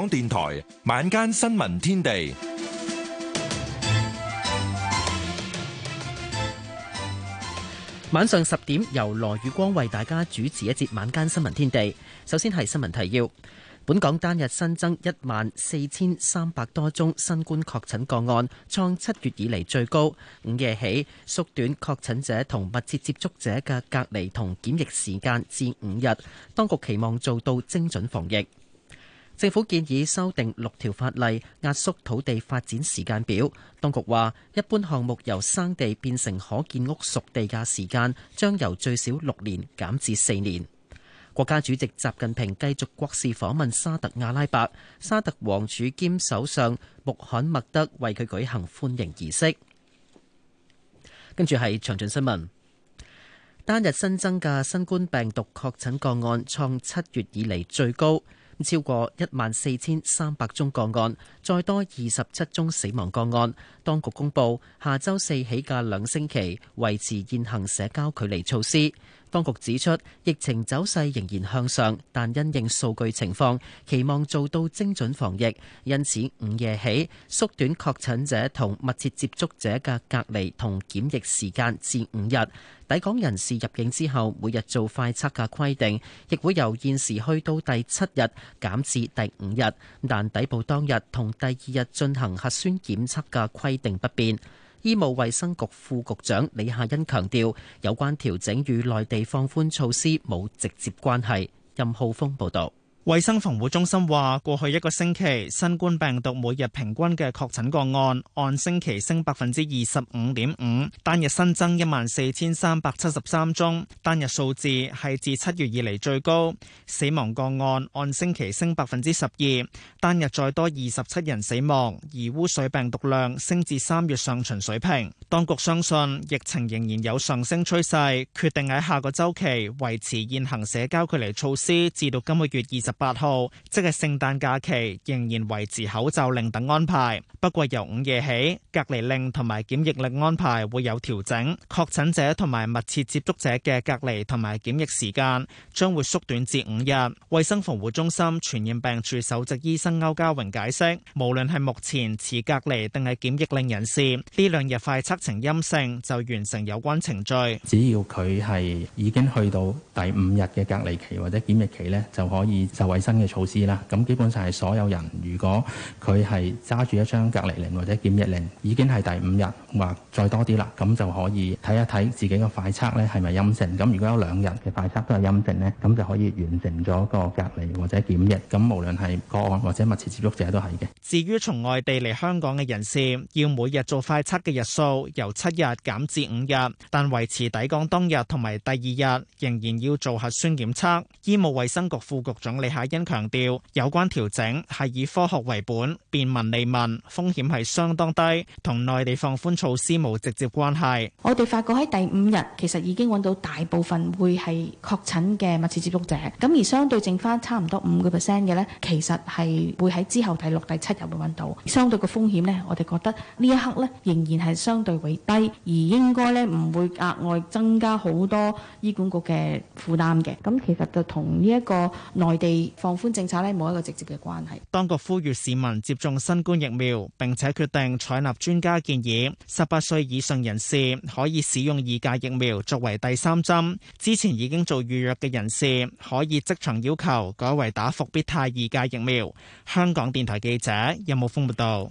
港電台晚間新聞天地，晚上十點由羅宇光為大家主持一節晚間新聞天地。首先係新聞提要：本港單日新增一萬四千三百多宗新冠確診個案，創七月以嚟最高。午夜起縮短確診者同密切接觸者嘅隔離同檢疫時間至五日，當局期望做到精準防疫。政府建議修訂六條法例，壓縮土地發展時間表。當局話，一般項目由生地變成可建屋熟地嘅時間，將由最少六年減至四年。國家主席習近平繼續國事訪問沙特阿拉伯，沙特王儲兼首相穆罕默德為佢舉行歡迎儀式。跟住係詳盡新聞，單日新增嘅新冠病毒確診個案創七月以嚟最高。超過一萬四千三百宗個案，再多二十七宗死亡個案。當局公布，下周四起嘅兩星期維持現行社交距離措施。當局指出，疫情走勢仍然向上，但因應數據情況，期望做到精準防疫，因此午夜起縮短確診者同密切接觸者嘅隔離同檢疫時間至五日。抵港人士入境之後，每日做快測嘅規定，亦會由現時去到第七日減至第五日，但抵埗當日同第二日進行核酸檢測嘅規定不變。醫務衛生局副局長李夏欣強調，有關調整與內地放寬措施冇直接關係。任浩峰報道。衛生防護中心話，過去一個星期，新冠病毒每日平均嘅確診個案按星期升百分之二十五點五，單日新增一萬四千三百七十三宗，單日數字係自七月以嚟最高。死亡個案按星期升百分之十二，單日再多二十七人死亡，而污水病毒量升至三月上旬水平。當局相信疫情仍然有上升趨勢，決定喺下個周期維持現行社交距離措施，至到今個月二十。八號即係聖誕假期，仍然維持口罩令等安排。不過由午夜起，隔離令同埋檢疫令安排會有調整，確診者同埋密切接觸者嘅隔離同埋檢疫時間將會縮短至五日。衛生防護中心傳染病處首席醫生歐家榮解釋，無論係目前持隔離定係檢疫令人士，呢兩日快測呈陰性就完成有關程序。只要佢係已經去到第五日嘅隔離期或者檢疫期呢，就可以。就衛生嘅措施啦，咁基本上係所有人，如果佢係揸住一張隔離令或者檢疫令，已經係第五日話再多啲啦，咁就可以睇一睇自己嘅快測咧係咪陰性。咁如果有兩日嘅快測都係陰性咧，咁就可以完成咗個隔離或者檢疫。咁無論係個案或者密切接觸者都係嘅。至於從外地嚟香港嘅人士，要每日做快測嘅日數由七日減至五日，但維持抵港當日同埋第二日仍然要做核酸檢測。醫務衛生局副局長李夏欣強調，有關調整係以科學為本，便民利民，風險係相當低，同內地放寬措施冇直接關係。我哋發覺喺第五日，其實已經揾到大部分會係確診嘅密切接觸者，咁而相對剩翻差唔多五個 percent 嘅呢，其實係會喺之後第六、第七日會揾到，相對個風險呢，我哋覺得呢一刻呢，仍然係相對會低，而應該呢唔會額外增加好多醫管局嘅負擔嘅。咁其實就同呢一個內地。放寬政策呢冇一個直接嘅關係。當局呼籲市民接種新冠疫苗，並且決定採納專家建議，十八歲以上人士可以使用二價疫苗作為第三針。之前已經做預約嘅人士可以即場要求改為打復必泰二價疫苗。香港電台記者任慕峰報道。有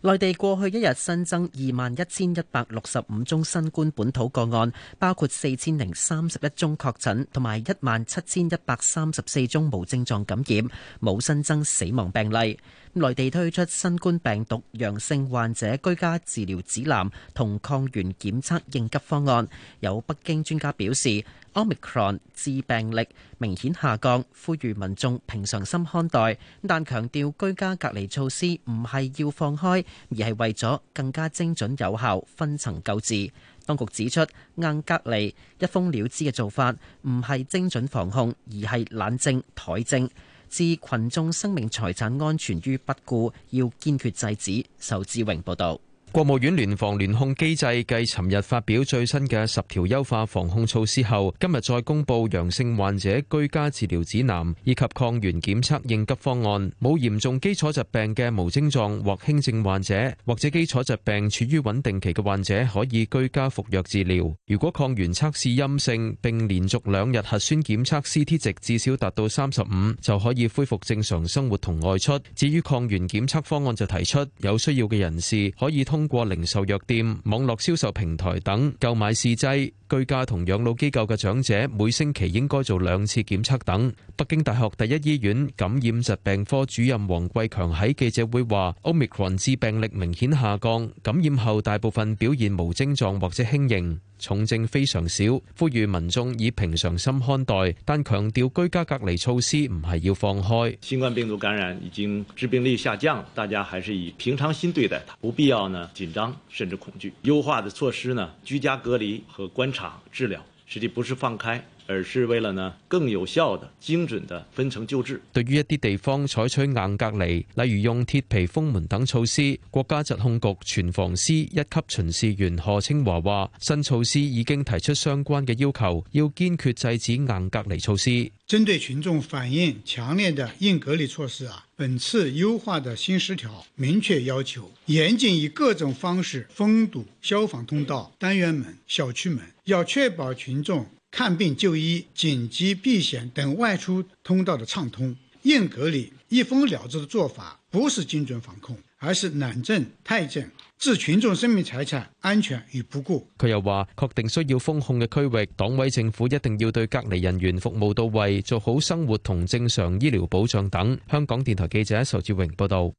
內地過去一日新增二萬一千一百六十五宗新冠本土個案，包括四千零三十一宗確診，同埋一萬七千一百三十四宗無症狀感染，冇新增死亡病例。內地推出新冠病毒陽性患者居家治療指南同抗原檢測應急方案。有北京專家表示，Omicron 致病力明顯下降，呼籲民眾平常心看待，但強調居家隔離措施唔係要放開，而係為咗更加精準有效分層救治。當局指出，硬隔離一封了之嘅做法唔係精準防控，而係懶政怠政。置群眾生命財產安全於不顧，要堅決制止。仇志榮報道。國務院聯防聯控機制繼尋日發表最新嘅十條優化防控措施後，今日再公佈陽性患者居家治療指南以及抗原檢測應急方案。冇嚴重基礎疾病嘅無症狀或輕症患者，或者基礎疾病處於穩定期嘅患者，可以居家服藥治療。如果抗原測試陰性，並連續兩日核酸檢測 Ct 值至少達到三十五，就可以恢復正常生活同外出。至於抗原檢測方案就提出，有需要嘅人士可以通。通過零售藥店、網絡銷售平台等購買試劑。居家同養老機構嘅長者每星期應該做兩次檢測等。北京大學第一醫院感染疾病科主任王貴強喺記者會話：Omicron 致病力明顯下降，感染後大部分表現無症狀或者輕型，重症非常少。呼籲民眾以平常心看待，但強調居家隔離措施唔係要放開。新冠病毒感染已經致病力下降，大家還是以平常心對待它，不必要呢緊張甚至恐懼。優化的措施呢，居家隔離和觀察。治療實際不是放開，而是為了呢更有效的、精準的分層救治。對於一啲地方採取硬隔離，例如用鐵皮封門等措施，國家疾控局傳防司一級巡視員賀清華話，新措施已經提出相關嘅要求，要堅決制止硬隔離措施。針對群眾反映強烈的硬隔離措施啊，本次優化的新十條明確要求，嚴禁以各種方式封堵消防通道、單元門、小區門，要確保群眾。看病就醫、緊急避險等外出通道的暢通，硬隔離一封了之的做法不是精準防控，而是懶政怠政，置群眾生命財產安全於不顧。佢又話確定需要封控嘅區域，黨委政府一定要對隔離人員服務到位，做好生活同正常醫療保障等。香港電台記者仇志榮報道。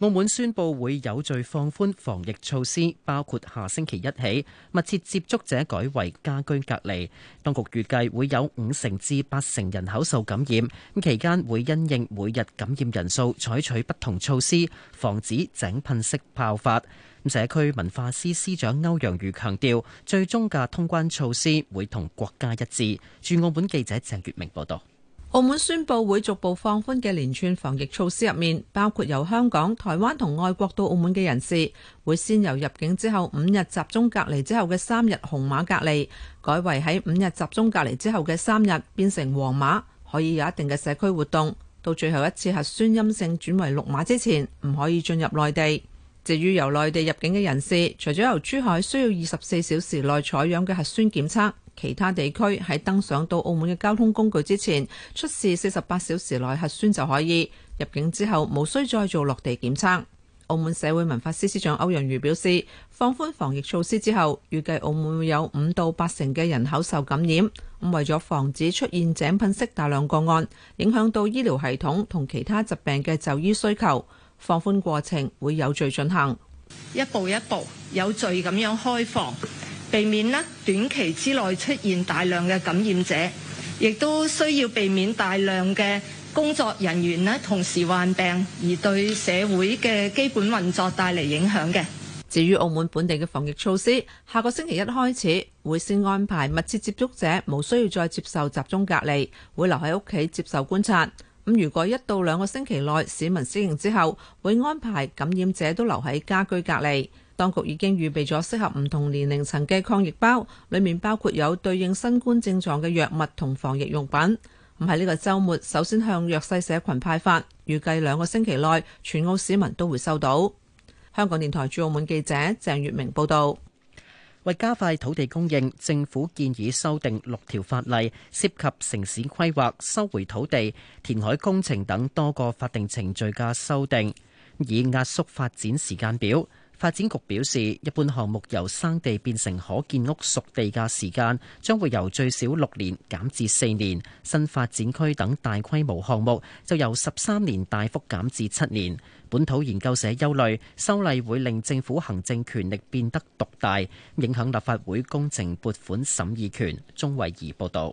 澳門宣佈會有序放寬防疫措施，包括下星期一起，密切接觸者改為家居隔離。當局預計會有五成至八成人口受感染，咁期間會因應每日感染人數採取不同措施，防止井噴式爆發。社區文化司司長歐陽瑜強調，最終嘅通關措施會同國家一致。駐澳門記者鄭月明報道。澳門宣布會逐步放寬嘅連串防疫措施入面，包括由香港、台灣同外國到澳門嘅人士，會先由入境之後五日集中隔離之後嘅三日紅碼隔離，改為喺五日集中隔離之後嘅三日變成黃碼，可以有一定嘅社區活動，到最後一次核酸陰性轉為綠碼之前，唔可以進入內地。至於由內地入境嘅人士，除咗由珠海需要二十四小時內採樣嘅核酸檢測。其他地區喺登上到澳門嘅交通工具之前，出示四十八小時內核酸就可以入境之後，無需再做落地檢測。澳門社會文化司司長歐陽瑜表示，放寬防疫措施之後，預計澳門會有五到八成嘅人口受感染。咁為咗防止出現井噴式大量個案，影響到醫療系統同其他疾病嘅就醫需求，放寬過程會有序進行，一步一步有序咁樣開放。避免啦短期之內出現大量嘅感染者，亦都需要避免大量嘅工作人員呢同時患病而對社會嘅基本運作帶嚟影響嘅。至於澳門本地嘅防疫措施，下個星期一開始會先安排密切接觸者無需要，再接受集中隔離，會留喺屋企接受觀察。咁如果一到兩個星期內市民適應之後，會安排感染者都留喺家居隔離。當局已經預備咗適合唔同年齡層嘅抗疫包，裡面包括有對應新冠症狀嘅藥物同防疫用品。唔係呢個週末首先向弱勢社群派發，預計兩個星期內全澳市民都會收到。香港電台駐澳門記者鄭月明報導。為加快土地供應，政府建議修訂六條法例，涉及城市規劃、收回土地、填海工程等多個法定程序嘅修訂，以壓縮發展時間表。發展局表示，一般項目由生地變成可建屋熟地嘅時間，將會由最少六年減至四年；新發展區等大規模項目就由十三年大幅減至七年。本土研究社憂慮，修例會令政府行政權力變得獨大，影響立法會工程撥款審議權。鍾慧儀報導。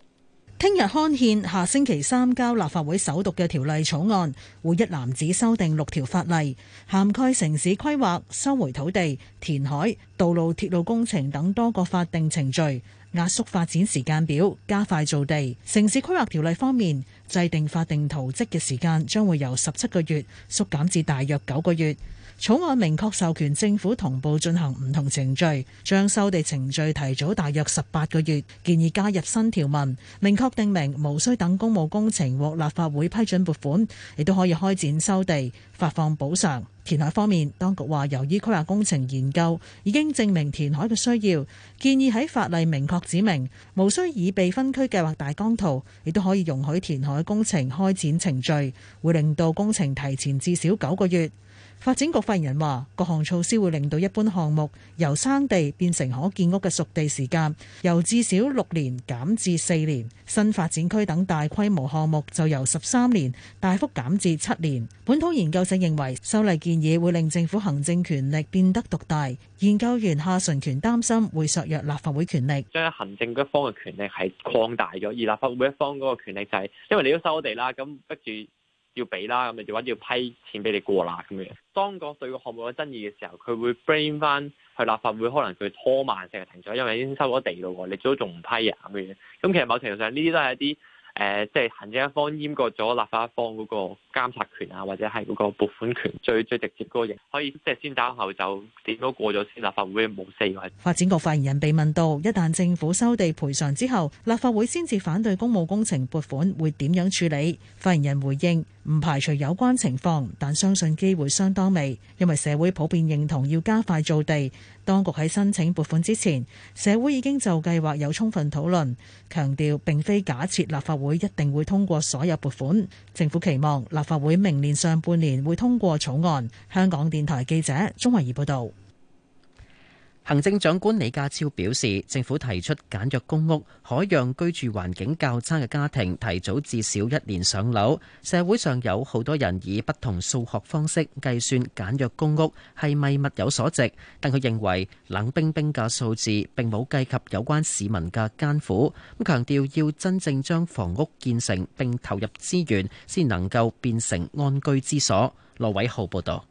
聽日刊憲，下星期三交立法會首讀嘅條例草案，會一籃子修訂六條法例，涵蓋城市規劃、收回土地、填海、道路、鐵路工程等多個法定程序，壓縮發展時間表，加快造地。城市規劃條例方面，制定法定圖則嘅時間將會由十七個月縮減至大約九個月。草案明確授權政府同步進行唔同程序，將收地程序提早大約十八個月。建議加入新條文，明確定明無需等公務工程獲立法會批准撥款，亦都可以開展收地發放補償。填海方面，當局話由於規劃工程研究已經證明填海嘅需要，建議喺法例明確指明，無需以備分區計劃大綱圖，亦都可以容許填海工程開展程序，會令到工程提前至少九個月。發展局發言人話：各項措施會令到一般項目由生地變成可建屋嘅熟地時間，由至少六年減至四年；新發展區等大規模項目就由十三年大幅減至七年。本土研究社認為，修例建議會令政府行政權力變得獨大。研究員夏純權擔心會削弱立法會權力，將行政一方嘅權力係擴大咗，而立法會一方嗰個權力就係、是，因為你都收我哋啦，咁逼住。要俾啦，咁你就話要批錢俾你過啦咁樣。當局對個項目有爭議嘅時候，佢會 blame 翻去立法會，可能佢拖慢成日停咗，因為已經收咗地咯喎，你都仲唔批啊咁嘅樣。咁其實某程度上，呢啲都係一啲誒，即係行政一方濫過咗立法一方嗰個監察權啊，或者係嗰個撥款權最最直接嗰個嘢，可以即係先打後走點都過咗先，立法會冇四個。發展局發言人被問到，一旦政府收地賠償之後，立法會先至反對公務工程撥款，會點樣處理？發言人回應。唔排除有關情況，但相信機會相當微，因為社會普遍認同要加快造地。當局喺申請撥款之前，社會已經就計劃有充分討論，強調並非假設立法會一定會通過所有撥款。政府期望立法會明年上半年會通過草案。香港電台記者鍾慧儀報導。行政長官李家超表示，政府提出簡約公屋，可讓居住環境較差嘅家庭提早至少一年上樓。社會上有好多人以不同數學方式計算簡約公屋係咪物有所值，但佢認為冷冰冰嘅數字並冇計及有關市民嘅艱苦，咁強調要真正將房屋建成並投入資源，先能夠變成安居之所。羅偉浩報道。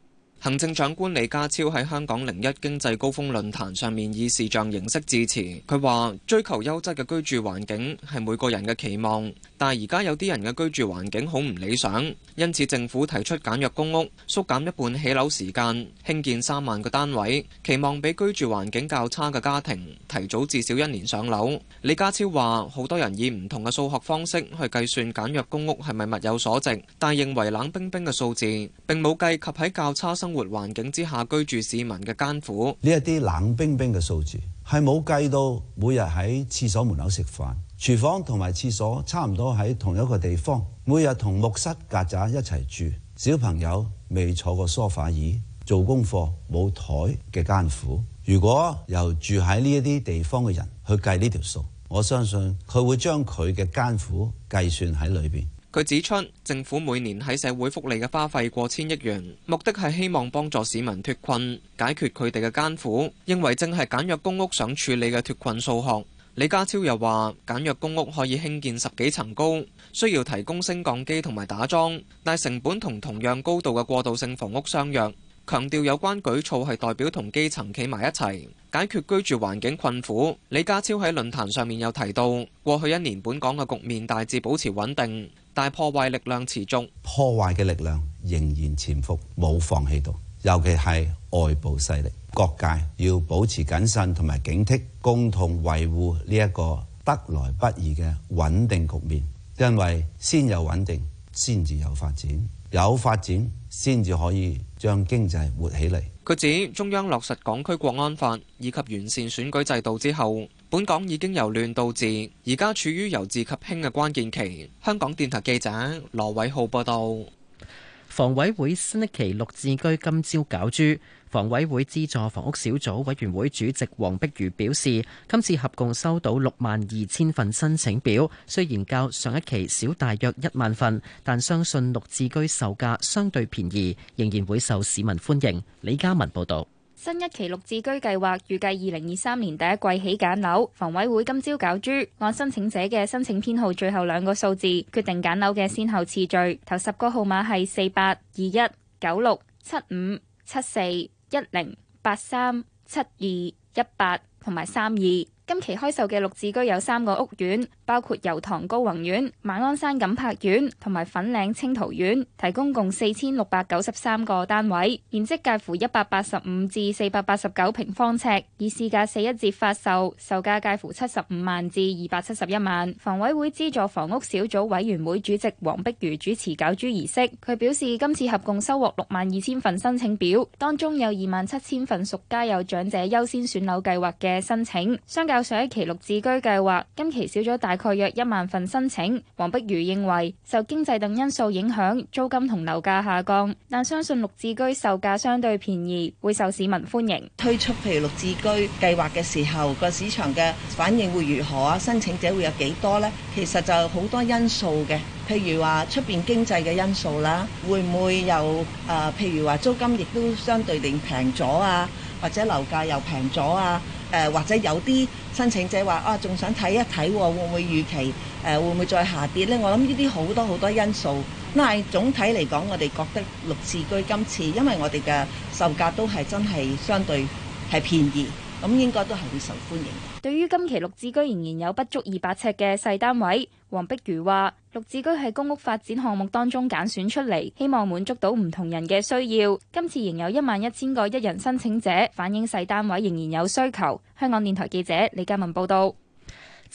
行政長官李家超喺香港零一經濟高峰論壇上面以視像形式致辭，佢話：追求優質嘅居住環境係每個人嘅期望。但係而家有啲人嘅居住環境好唔理想，因此政府提出簡約公屋，縮減一半起樓時間，興建三萬個單位，期望比居住環境較差嘅家庭提早至少一年上樓。李家超話：好多人以唔同嘅數學方式去計算簡約公屋係咪物有所值，但認為冷冰冰嘅數字並冇計及喺較差生活環境之下居住市民嘅艱苦。呢一啲冷冰冰嘅數字係冇計到每日喺廁所門口食飯。廚房同埋廁所差唔多喺同一個地方，每日同木虱曱甴一齊住。小朋友未坐過梳化椅，做功課冇枱嘅艱苦。如果由住喺呢一啲地方嘅人去計呢條數，我相信佢會將佢嘅艱苦計算喺裏邊。佢指出，政府每年喺社會福利嘅花費過千億元，目的係希望幫助市民脱困，解決佢哋嘅艱苦。認為正係簡約公屋想處理嘅脱困數學。李家超又話：簡約公屋可以興建十幾層高，需要提供升降機同埋打樁，但成本同同樣高度嘅過渡性房屋相若。強調有關舉措係代表同基層企埋一齊，解決居住環境困苦。李家超喺論壇上面又提到，過去一年本港嘅局面大致保持穩定，但破壞力量持續，破壞嘅力量仍然潛伏，冇放棄到。尤其係外部勢力，各界要保持謹慎同埋警惕，共同維護呢一個得來不易嘅穩定局面。因為先有穩定，先至有發展；有發展，先至可以將經濟活起嚟。佢指中央落實港區國安法以及完善選舉制度之後，本港已經由亂到治，而家處於由治及興嘅關鍵期。香港電台記者羅偉浩報道。房委會新一期綠置居今朝攪珠，房委會資助房屋小組委員會主席黃碧如表示，今次合共收到六萬二千份申請表，雖然較上一期少大約一萬份，但相信綠置居售價相對便宜，仍然會受市民歡迎。李嘉文報導。新一期綠置居計劃預計二零二三年第一季起揀樓，房委會今朝攪珠，按申請者嘅申請編號最後兩個數字決定揀樓嘅先後次序。頭十個號碼係四八二一九六七五七四一零八三七二一八同埋三二。今期開售嘅六字居有三個屋苑，包括油塘高宏苑、馬鞍山錦柏苑同埋粉嶺青桃苑，提供共四千六百九十三個單位，面積介乎一百八十五至四百八十九平方尺，以市價四一折發售，售價介乎七十五萬至二百七十一萬。房委會資助房屋小組委員會主席黃碧如主持攪珠儀式，佢表示今次合共收獲六萬二千份申請表，當中有二萬七千份屬家有長者優先選樓計劃嘅申請。相較上一期綠置居計劃，今期少咗大概約一萬份申請。黃碧如認為，受經濟等因素影響，租金同樓價下降，但相信綠置居售價相對便宜，會受市民歡迎。推出譬如綠置居計劃嘅時候，個市場嘅反應會如何啊？申請者會有幾多咧？其實就好多因素嘅，譬如話出邊經濟嘅因素啦，會唔會有誒，譬如話租金亦都相對定平咗啊，或者樓價又平咗啊？誒或者有啲申請者話啊，仲想睇一睇，啊，會唔會預期誒、啊、會唔會再下跌咧？我諗呢啲好多好多因素，但係總體嚟講，我哋覺得綠置居今次，因為我哋嘅售價都係真係相對係便宜，咁應該都係會受歡迎。對於今期綠置居仍然有不足二百尺嘅細單位。黃碧如話，綠置居喺公屋發展項目當中揀選出嚟，希望滿足到唔同人嘅需要。今次仍有一萬一千個一人申請者，反映細單位仍然有需求。香港電台記者李嘉文報道。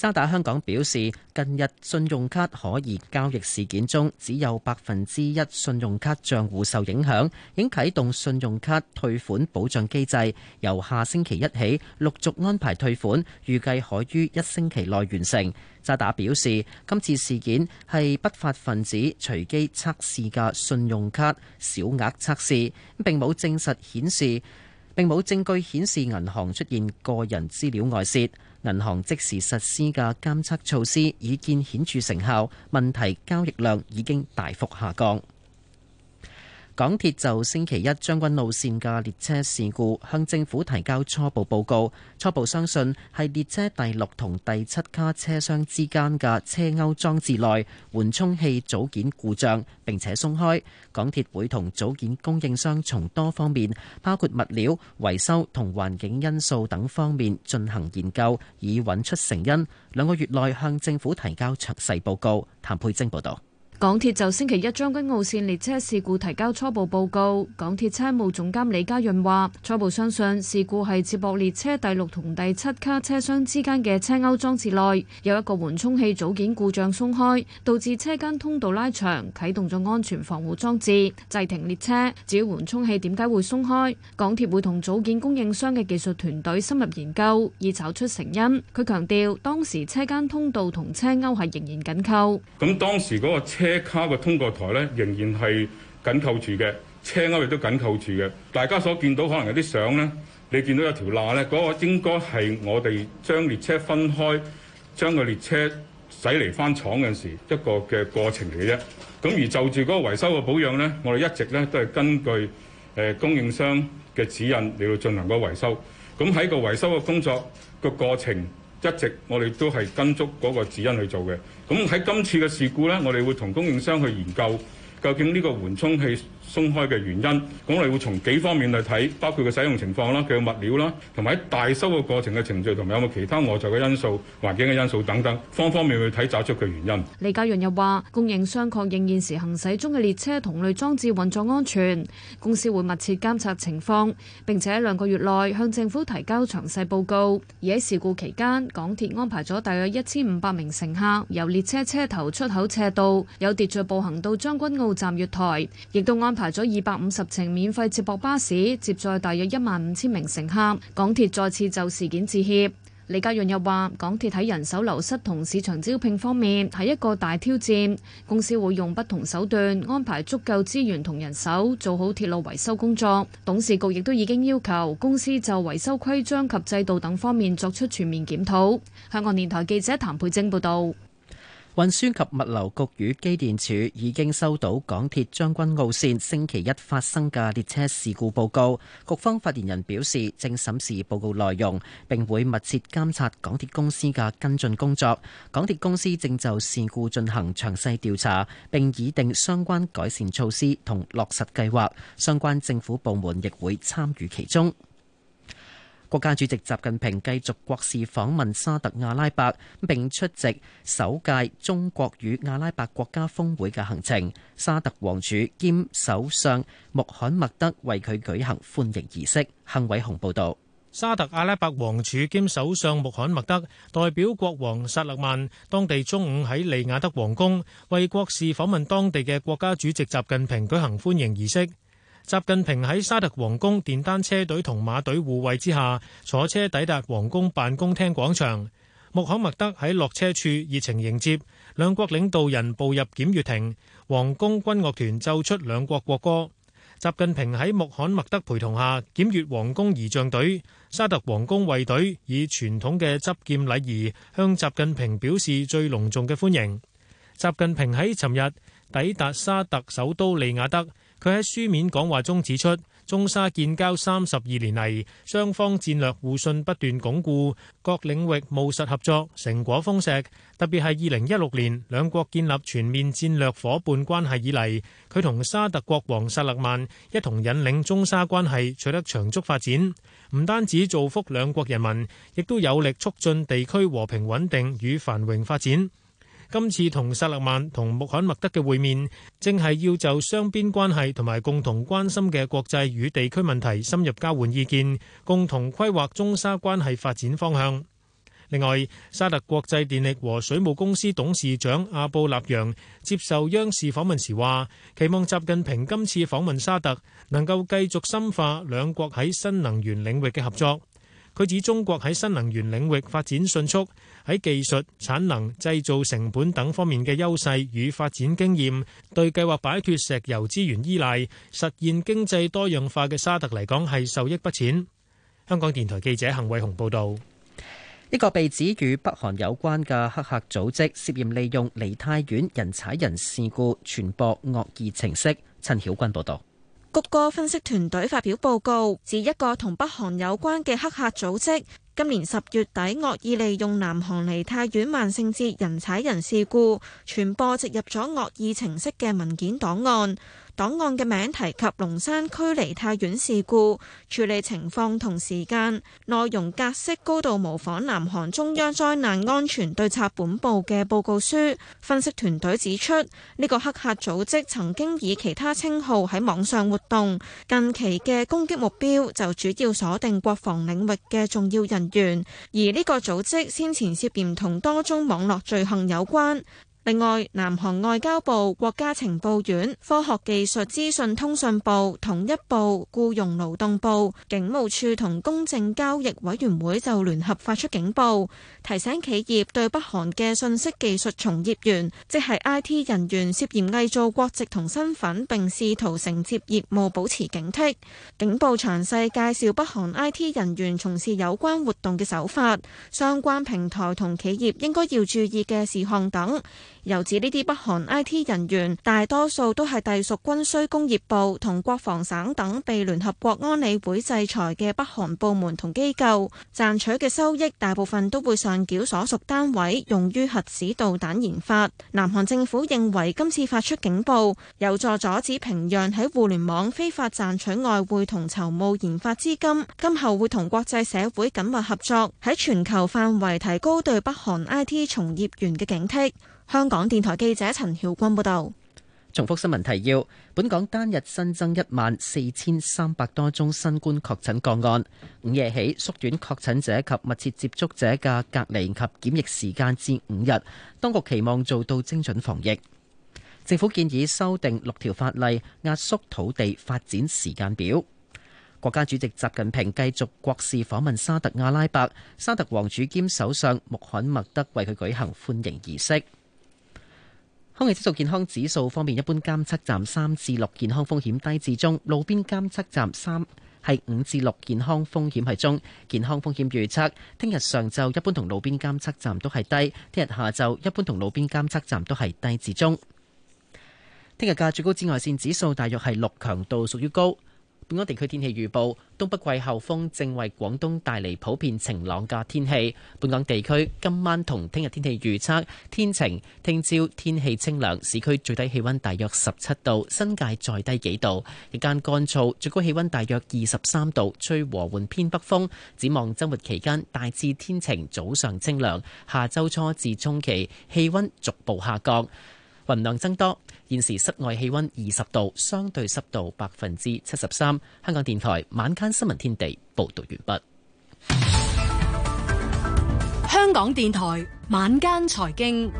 渣打香港表示，近日信用卡可疑交易事件中，只有百分之一信用卡賬戶受影響，已啟動信用卡退款保障機制，由下星期一起陸續安排退款，預計可於一星期內完成。渣打表示，今次事件係不法分子隨機測試嘅信用卡小額測試，並冇證實顯示並冇證據顯示銀行出現個人資料外泄。銀行即時實施嘅監測措施已見顯著成效，問題交易量已經大幅下降。港鐵就星期一將軍路線嘅列車事故向政府提交初步報告，初步相信係列車第六同第七卡車廂之間嘅車鈎裝置內緩衝器組件故障並且鬆開。港鐵會同組件供應商從多方面，包括物料、維修同環境因素等方面進行研究，以揾出成因，兩個月內向政府提交詳細報告。譚佩晶報導。港鐵就星期一將軍澳線列車事故提交初步報告。港鐵車務總監李家潤話：初步相信事故係接駁列車第六同第七卡車廂之間嘅車鈎裝置內有一個緩衝器組件故障鬆開，導致車間通道拉長，啟動咗安全防護裝置，制停列車。至於緩衝器點解會鬆開，港鐵會同組件供應商嘅技術團隊深入研究，以找出成因。佢強調當時車間通道同車鈎係仍然緊扣。咁當時嗰個車車卡個通過台咧仍然係緊扣住嘅，車鉤亦都緊扣住嘅。大家所見到可能有啲相咧，你見到有條罅咧，嗰、那個應該係我哋將列車分開，將個列車駛離返廠嗰陣時一個嘅過程嚟嘅啫。咁而就住嗰個維修嘅保養咧，我哋一直咧都係根據誒、呃、供應商嘅指引嚟到進行個維修。咁喺個維修嘅工作、那個過程。一直我哋都係跟足嗰個指引去做嘅。咁喺今次嘅事故咧，我哋會同供應商去研究究竟呢個緩衝器。鬆開嘅原因，我哋會從幾方面去睇，包括佢使用情況啦、佢嘅物料啦，同埋喺大修嘅過程嘅程序，同埋有冇其他外在嘅因素、環境嘅因素等等，方方面面去睇找出嘅原因。李家潤又話，供應商確認現時行駛中嘅列車同類裝置運作安全，公司會密切監察情況，並且兩個月內向政府提交詳細報告。而喺事故期間，港鐵安排咗大約一千五百名乘客由列車車頭出口斜道，有秩序步行到將軍澳站月台，亦都安排排咗二百五十程免費接駁巴士，接載大約一萬五千名乘客。港鐵再次就事件致歉。李家潤又話，港鐵喺人手流失同市場招聘方面係一個大挑戰，公司會用不同手段安排足夠資源同人手，做好鐵路維修工作。董事局亦都已經要求公司就維修規章及制度等方面作出全面檢討。香港電台記者譚佩晶報道。運輸及物流局與機電署已經收到港鐵將軍澳綫星期一發生嘅列車事故報告。局方發言人表示，正審視報告內容，並會密切監察港鐵公司嘅跟進工作。港鐵公司正就事故進行詳細調查，並擬定相關改善措施同落實計劃。相關政府部門亦會參與其中。國家主席習近平繼續國事訪問沙特阿拉伯，並出席首屆中國與阿拉伯國家峰會嘅行程。沙特王儲兼首相穆罕默德為佢舉行歡迎儀式。幸偉雄報道。沙特阿拉伯王儲兼首相穆罕默德代表國王薩勒曼，當地中午喺利雅得皇宮為國事訪問當地嘅國家主席習近平舉行歡迎儀式。習近平喺沙特王宮電單車隊同馬隊護衛之下，坐車抵達王宮辦公廳廣場。穆罕默德喺落車處熱情迎接，兩國領導人步入檢閱亭，王宮軍樂團奏出兩國國歌。習近平喺穆罕默德陪同下檢閱王宮儀仗隊、沙特王宮衛隊，以傳統嘅執劍禮儀向習近平表示最隆重嘅歡迎。習近平喺尋日抵達沙特首都利雅德。佢喺書面講話中指出，中沙建交三十二年嚟，雙方戰略互信不斷鞏固，各領域務實合作成果豐碩。特別係二零一六年兩國建立全面戰略伙伴關係以嚟，佢同沙特國王薩勒曼一同引領中沙關係取得長足發展，唔單止造福兩國人民，亦都有力促進地區和平穩定與繁榮發展。今次同薩勒曼同穆罕默德嘅會面，正係要就雙邊關係同埋共同關心嘅國際與地區問題深入交換意見，共同規劃中沙關係發展方向。另外，沙特國際電力和水務公司董事長阿布納揚接受央視訪問時話：期望習近平今次訪問沙特，能夠繼續深化兩國喺新能源領域嘅合作。佢指中國喺新能源領域發展迅速。喺技術、產能、製造成本等方面嘅優勢與發展經驗，對計劃擺脱石油資源依賴、實現經濟多樣化嘅沙特嚟講係受益不淺。香港電台記者恆偉雄報導。一個被指與北韓有關嘅黑客組織涉嫌利用梨泰院人踩人事故傳播惡意程式。陳曉君報導。谷歌分析團隊發表報告，指一個同北韓有關嘅黑客組織，今年十月底，惡意利用南韓梨泰院萬聖節人踩人事故，傳播植入咗惡意程式嘅文件檔案。檔案嘅名提及龍山區梨泰院事故處理情況同時間，內容格式高度模仿南韓中央災難安全對策本部嘅報告書。分析團隊指出，呢個黑客組織曾經以其他稱號喺網上活動，近期嘅攻擊目標就主要鎖定國防領域嘅重要人員，而呢個組織先前涉嫌同多宗網絡罪行有關。另外，南韓外交部、國家情報院、科學技術資訊通訊部、統一部、僱傭勞動部、警務處同公正交易委員會就聯合發出警報，提醒企業對北韓嘅信息技術從業員，即係 I T 人員涉嫌偽造國籍同身份，並試圖承接業務，保持警惕。警報詳細介紹北韓 I T 人員從事有關活動嘅手法、相關平台同企業應該要注意嘅事項等。又指呢啲北韓 I.T. 人員大多數都係隸屬軍需工業部同國防省等被聯合國安理會制裁嘅北韓部門同機構，賺取嘅收益，大部分都會上繳所屬單位，用於核子導彈研發。南韓政府認為今次發出警報有助阻止平壤喺互聯網非法賺取外匯同籌募研發資金，今後會同國際社會緊密合作，喺全球範圍提高對北韓 I.T. 從業員嘅警惕。香港電台記者陳曉君報道。重複新聞提要：本港單日新增一萬四千三百多宗新冠確診個案。午夜起，縮短確診者及密切接觸者嘅隔離及檢疫時間至五日。當局期望做到精準防疫。政府建議修訂六條法例，壓縮土地發展時間表。國家主席習近平繼續國事訪問沙特阿拉伯，沙特王儲兼首相穆罕默德為佢舉行歡迎儀式。空氣質素健康指數方面，一般監測站三至六，健康風險低至中，路邊監測站三係五至六，健康風險係中。健康風險預測，聽日上晝一般同路邊監測站都係低，聽日下晝一般同路邊監測站都係低至中。聽日嘅最高紫外線指數大約係六，強度屬於高。本港地區天氣預報，東北季候風正為廣東帶嚟普遍晴朗嘅天氣，本港地區今晚同聽日天氣預測天晴，聽朝天氣清涼，市區最低氣溫大約十七度，新界再低幾度，日間乾燥，最高氣溫大約二十三度，吹和緩偏北風，展望周末期間大致天晴，早上清涼，下周初至中期氣溫逐步下降，雲量增多。現時室外氣溫二十度，相對濕度百分之七十三。香港電台晚間新聞天地報道完畢。香港電台晚間財經，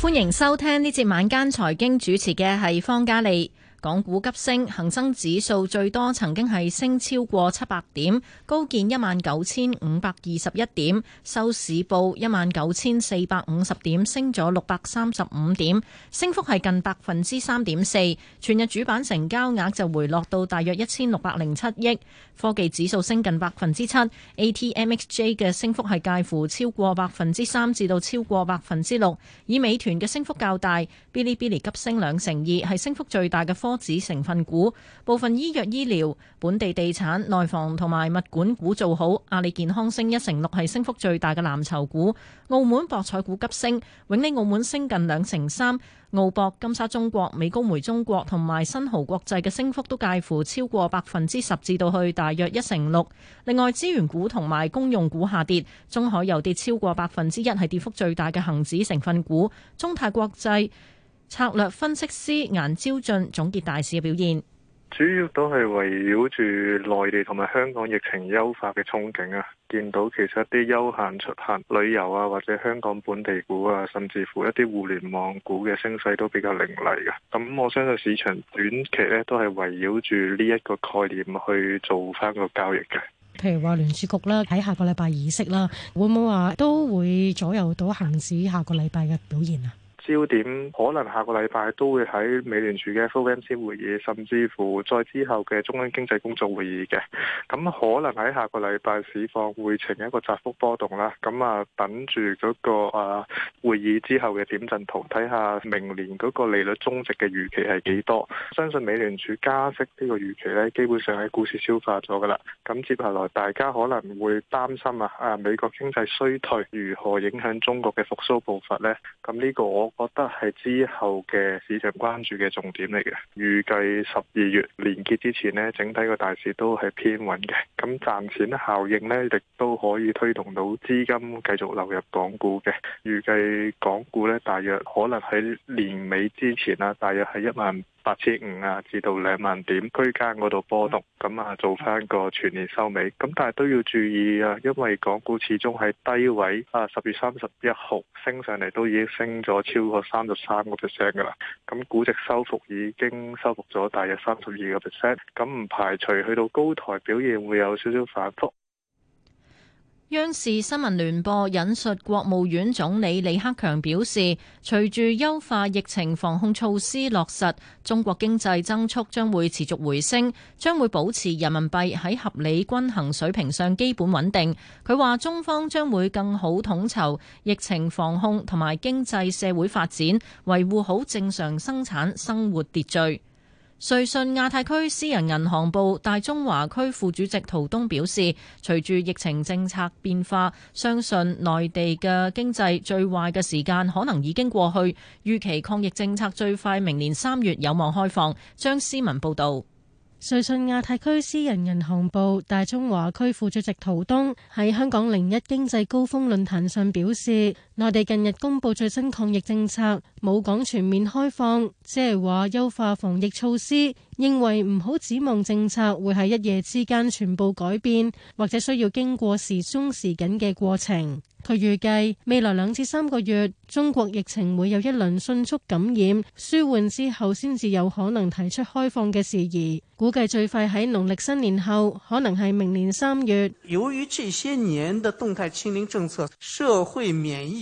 歡迎收聽呢節晚間財經，主持嘅係方嘉莉。港股急升，恆生指數最多曾經係升超過七百點，高見一萬九千五百二十一點，收市報一萬九千四百五十點，升咗六百三十五點，升幅係近百分之三點四。全日主板成交額就回落到大約一千六百零七億。科技指數升近百分之七，ATMXJ 嘅升幅係介乎超過百分之三至到超過百分之六，以美團嘅升幅較大，嗶哩嗶哩急升兩成二，係升幅最大嘅科多隻成分股，部分醫藥、醫療、本地地產、內房同埋物管股做好。阿里健康升一成六，係升幅最大嘅藍籌股。澳門博彩股急升，永利澳門升近兩成三。澳博、金沙中國、美高梅中國同埋新濠國際嘅升幅都介乎超過百分之十至到去大約一成六。另外，資源股同埋公用股下跌，中海油跌超過百分之一，係跌幅最大嘅恒指成分股。中泰國際。策略分析師顏朝俊總結大市嘅表現，主要都係圍繞住內地同埋香港疫情優化嘅憧憬啊！見到其實一啲休閒出行、旅遊啊，或者香港本地股啊，甚至乎一啲互聯網股嘅聲勢都比較凌厲嘅。咁我相信市場短期咧都係圍繞住呢一個概念去做翻個交易嘅。譬如話聯儲局啦，喺下個禮拜議息啦，會唔會話都會左右到恆指下個禮拜嘅表現啊？焦點可能下個禮拜都會喺美聯儲嘅 FOMC 會議，甚至乎再之後嘅中央經濟工作會議嘅，咁、嗯、可能喺下個禮拜市況會呈一個窄幅波動啦。咁、嗯那個、啊，等住嗰個啊會議之後嘅點陣圖，睇下明年嗰個利率中值嘅預期係幾多。相信美聯儲加息呢個預期呢，基本上喺股市消化咗噶啦。咁、嗯、接下嚟，大家可能會擔心啊，啊美國經濟衰退如何影響中國嘅復甦步伐呢？咁、嗯、呢、呢個我。我覺得係之後嘅市場關注嘅重點嚟嘅，預計十二月年結之前呢，整體個大市都係偏穩嘅。咁賺錢效應呢，亦都可以推動到資金繼續流入港股嘅。預計港股呢，大約可能喺年尾之前啦，大約係一萬。八千五啊，至到兩萬點區間嗰度波動，咁、嗯、啊做翻個全年收尾，咁、嗯、但係都要注意啊，因為港股始終喺低位啊，十月三十一號升上嚟都已經升咗超過三十三個 percent 噶啦，咁、嗯、估值，收復已經收復咗大約三十二個 percent，咁唔排除去到高台表現會有少少反復。央視新聞聯播引述國務院總理李克強表示，隨住優化疫情防控措施落實，中國經濟增速將會持續回升，將會保持人民幣喺合理均衡水平上基本穩定。佢話中方將會更好統籌疫情防控同埋經濟社會發展，維護好正常生產生活秩序。瑞信亞太區私人銀行部大中華區副主席陶東表示，隨住疫情政策變化，相信內地嘅經濟最壞嘅時間可能已經過去，預期抗疫政策最快明年三月有望開放。張思文報導，瑞信亞太區私人銀行部大中華區副主席陶東喺香港零一經濟高峰論壇上表示。內地近日公布最新抗疫政策，冇講全面開放，即係話優化防疫措施。認為唔好指望政策會喺一夜之間全部改變，或者需要經過時鬆時緊嘅過程。佢預計未來兩至三個月，中國疫情會有一輪迅速感染，舒緩之後先至有可能提出開放嘅事宜。估計最快喺農曆新年後，可能係明年三月。由於這些年的動態清零政策，社會免疫。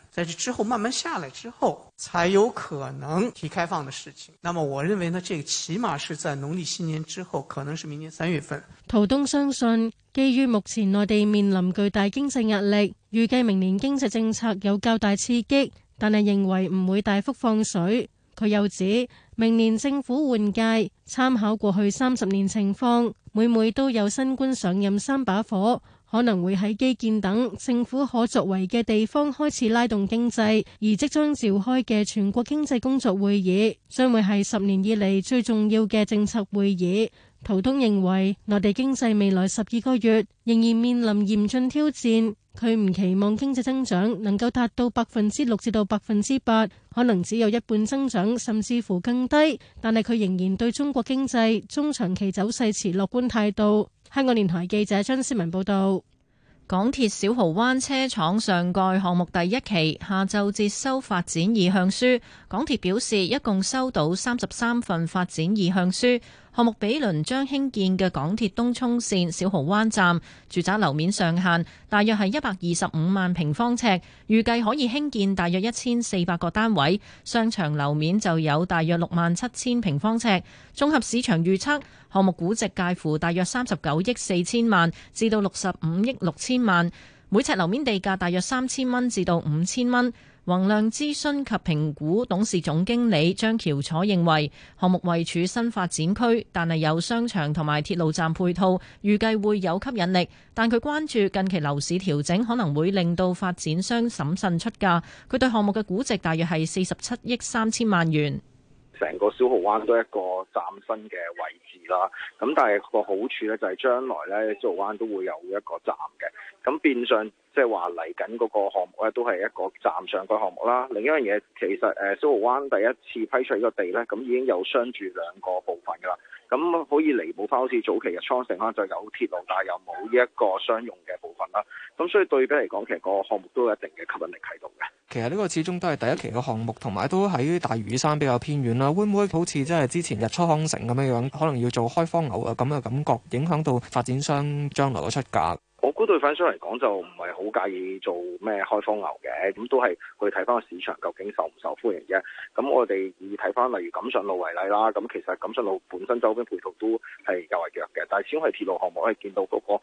在這之後慢慢下來之後，才有可能提開放的事情。那麼我認為呢，這個起碼是在農曆新年之後，可能是明年三月份。陶東相信，基於目前內地面臨巨大經濟壓力，預計明年經濟政策有較大刺激，但係認為唔會大幅放水。佢又指，明年政府換屆，參考過去三十年情況，每每都有新官上任三把火。可能會喺基建等政府可作為嘅地方開始拉動經濟，而即將召開嘅全國經濟工作會議，將會係十年以嚟最重要嘅政策會議。陶冬認為，內地經濟未來十二個月仍然面臨嚴峻挑戰。佢唔期望經濟增長能夠達到百分之六至到百分之八，可能只有一半增長，甚至乎更低。但係佢仍然對中國經濟中長期走勢持樂觀態度。香港電台記者張思文報道：港鐵小蠔灣車廠上蓋項目第一期下晝接收發展意向書。港鐵表示，一共收到三十三份發展意向書。項目毗鄰將興建嘅港鐵東涌線小蠔灣站住宅樓面上限，大約係一百二十五萬平方尺，預計可以興建大約一千四百個單位。商場樓面就有大約六萬七千平方尺。綜合市場預測，項目估值介乎大約三十九億四千萬至到六十五億六千萬，每尺樓面地價大約三千蚊至到五千蚊。宏亮諮詢及評估董事總經理張喬楚認為，項目位處新發展區，但係有商場同埋鐵路站配套，預計會有吸引力。但佢關注近期樓市調整可能會令到發展商審慎出價。佢對項目嘅估值大約係四十七億三千萬元。成個小蠔灣都係一個嶄新嘅位置啦，咁但係個好處咧就係將來咧小蠔灣都會有一個站嘅，咁變相。即係話嚟緊嗰個項目咧，都係一個站上嘅項目啦。另一樣嘢，其實誒，小蠔灣第一次批出呢個地咧，咁已經有商住兩個部分㗎啦。咁可以彌補翻好似早期嘅倉城啦，就有鐵路，但係又冇呢一個商用嘅部分啦。咁所以對比嚟講，其實個項目都有一定嘅吸引力喺度嘅。其實呢個始終都係第一期嘅項目，同埋都喺大嶼山比較偏遠啦。會唔會好似即係之前日出康城咁樣樣，可能要做開荒牛啊咁嘅感覺，影響到發展商將來嘅出價？我估對粉商嚟講就唔係好介意做咩開荒牛嘅，咁都係去睇翻個市場究竟受唔受歡迎啫。咁我哋以睇翻例如錦上路為例啦，咁其實錦上路本身周邊配套都係較為弱嘅，但係始終係鐵路項目可以見到嗰個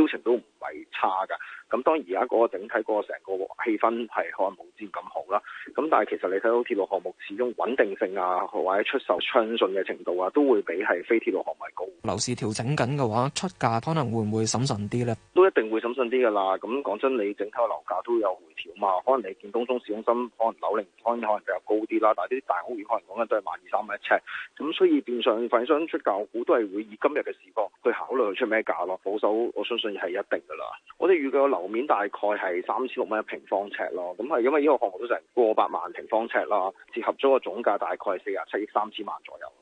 銷情都唔係差㗎。咁當然而家嗰個整體嗰個成個氣氛係可能冇之前咁好啦。咁但係其實你睇到鐵路項目始終穩定性啊，或者出售暢順嘅程度啊，都會比係非鐵路項目高。樓市調整緊嘅話，出價可能會唔會審慎啲咧？都一定會審慎啲㗎啦。咁講真，你整體樓價都有回調嘛？可能你見東中市中心可能樓齡當然可能比較高啲啦，但係啲大屋苑可能講緊都係萬二三百一尺。咁所以變相，反正出價估都係會以今日嘅市況去考慮出咩價咯。保守我相信係一定㗎啦。我哋預計個樓面大概係三千六蚊一平方尺咯。咁係因為呢個項目都成過百萬平方尺啦，結合咗個總價大概係四十七億三千萬左右。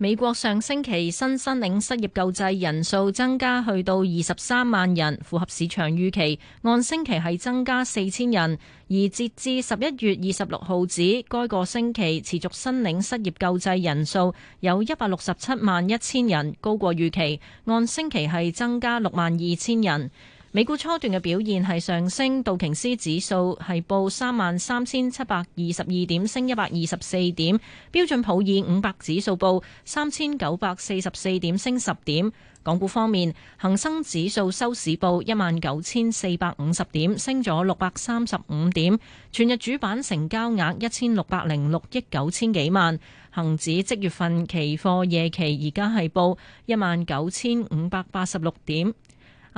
美國上星期新申領失業救濟人數增加去到二十三萬人，符合市場預期。按星期係增加四千人，而截至十一月二十六號止，該個星期持續申領失業救濟人數有一百六十七萬一千人，高過預期。按星期係增加六萬二千人。美股初段嘅表現係上升，道瓊斯指數係報三萬三千七百二十二點，升一百二十四點；標準普爾五百指數報三千九百四十四點，升十點。港股方面，恒生指數收市報一萬九千四百五十點，升咗六百三十五點。全日主板成交額一千六百零六億九千幾萬，恒指即月份期貨夜期而家係報一萬九千五百八十六點。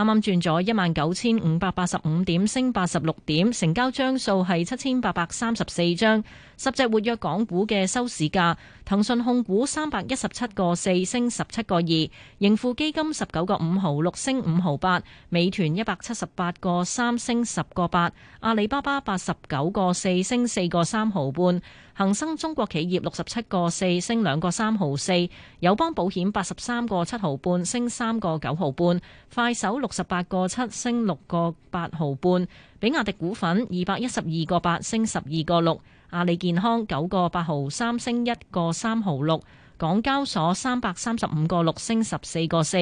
啱啱轉咗一萬九千五百八十五點，升八十六點，成交張數係七千八百三十四張。十隻活躍港股嘅收市價：騰訊控股三百一十七個四，升十七個二；盈富基金十九個五毫六，升五毫八；美團一百七十八個三，升十個八；阿里巴巴八十九個四，升四個三毫半。恒生中國企業六十七個四，升兩個三毫四；友邦保險八十三個七毫半，升三個九毫半；快手六十八個七，升六個八毫半；比亞迪股份二百一十二個八，升十二個六；阿里健康九個八毫三，升一個三毫六；港交所三百三十五個六，升十四個四。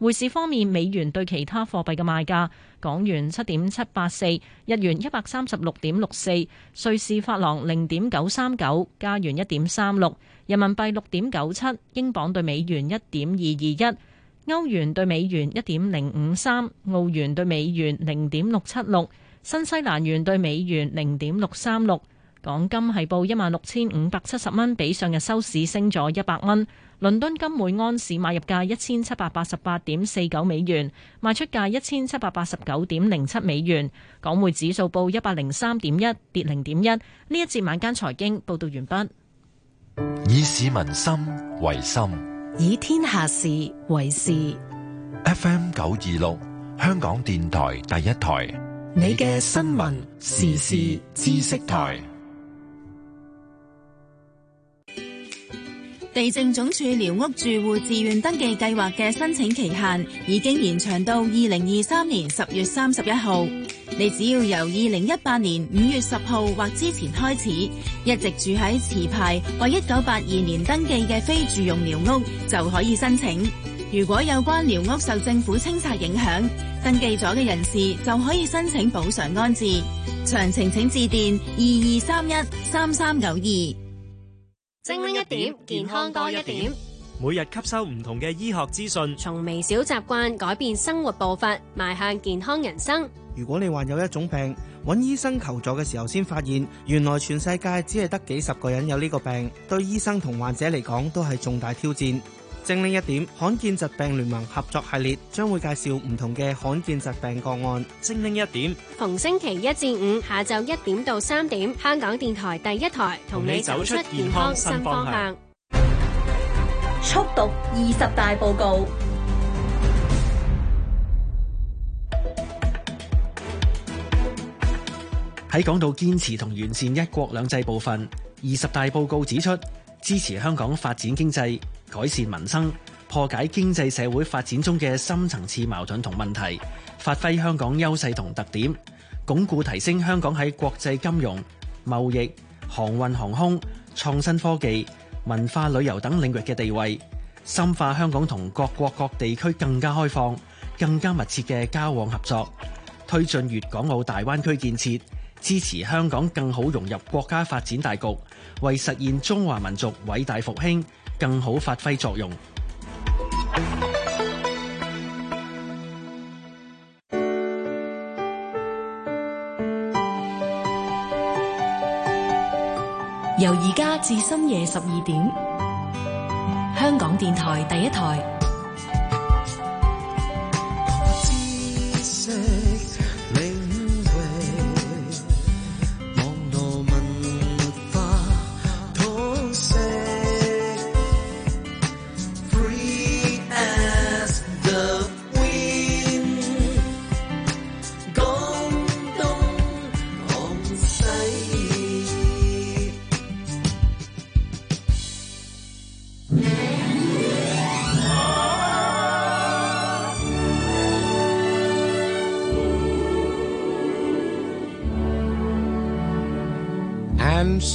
匯市方面，美元對其他貨幣嘅賣價。港元七點七八四，日元一百三十六點六四，瑞士法郎零點九三九，加元一點三六，人民幣六點九七，英鎊對美元一點二二一，歐元對美元一點零五三，澳元對美元零點六七六，新西蘭元對美元零點六三六。港金係報一萬六千五百七十蚊，比上日收市升咗一百蚊。倫敦金每安士買入價一千七百八十八點四九美元，賣出價一千七百八十九點零七美元。港匯指數報一百零三點一，跌零點一。呢一節晚間財經報道完畢。以市民心為心，以天下事為事。FM 九二六，香港電台第一台，你嘅新聞時事知識台。地政總署寮屋住戶自願登記計劃嘅申請期限已經延長到二零二三年十月三十一號。你只要由二零一八年五月十號或之前開始，一直住喺持牌或一九八二年登記嘅非住用寮屋，就可以申請。如果有關寮屋受政府清拆影響，登記咗嘅人士就可以申請補償安置。詳情請致電二二三一三三九二。精明一點，健康多一點。每日吸收唔同嘅醫學資訊，從微小習慣改變生活步伐，邁向健康人生。如果你患有一種病，揾醫生求助嘅時候，先發現原來全世界只係得幾十個人有呢個病，對醫生同患者嚟講都係重大挑戰。精靈一點，罕見疾病聯盟合作系列將會介紹唔同嘅罕見疾病個案。精靈一點，逢星期一至五下晝一點到三點，香港電台第一台同你走出健康新方向。方向速讀二十大報告。喺講到堅持同完善一國兩制部分，二十大報告指出，支持香港發展經濟、改善民生、破解經濟社會發展中嘅深層次矛盾同問題，發揮香港優勢同特點，鞏固提升香港喺國際金融、貿易、航運、航空、創新科技、文化旅遊等領域嘅地位，深化香港同各國各地區更加開放、更加密切嘅交往合作，推進粵港澳大灣區建設，支持香港更好融入國家發展大局。為實現中華民族偉大復興，更好發揮作用。由而家至深夜十二點，香港電台第一台。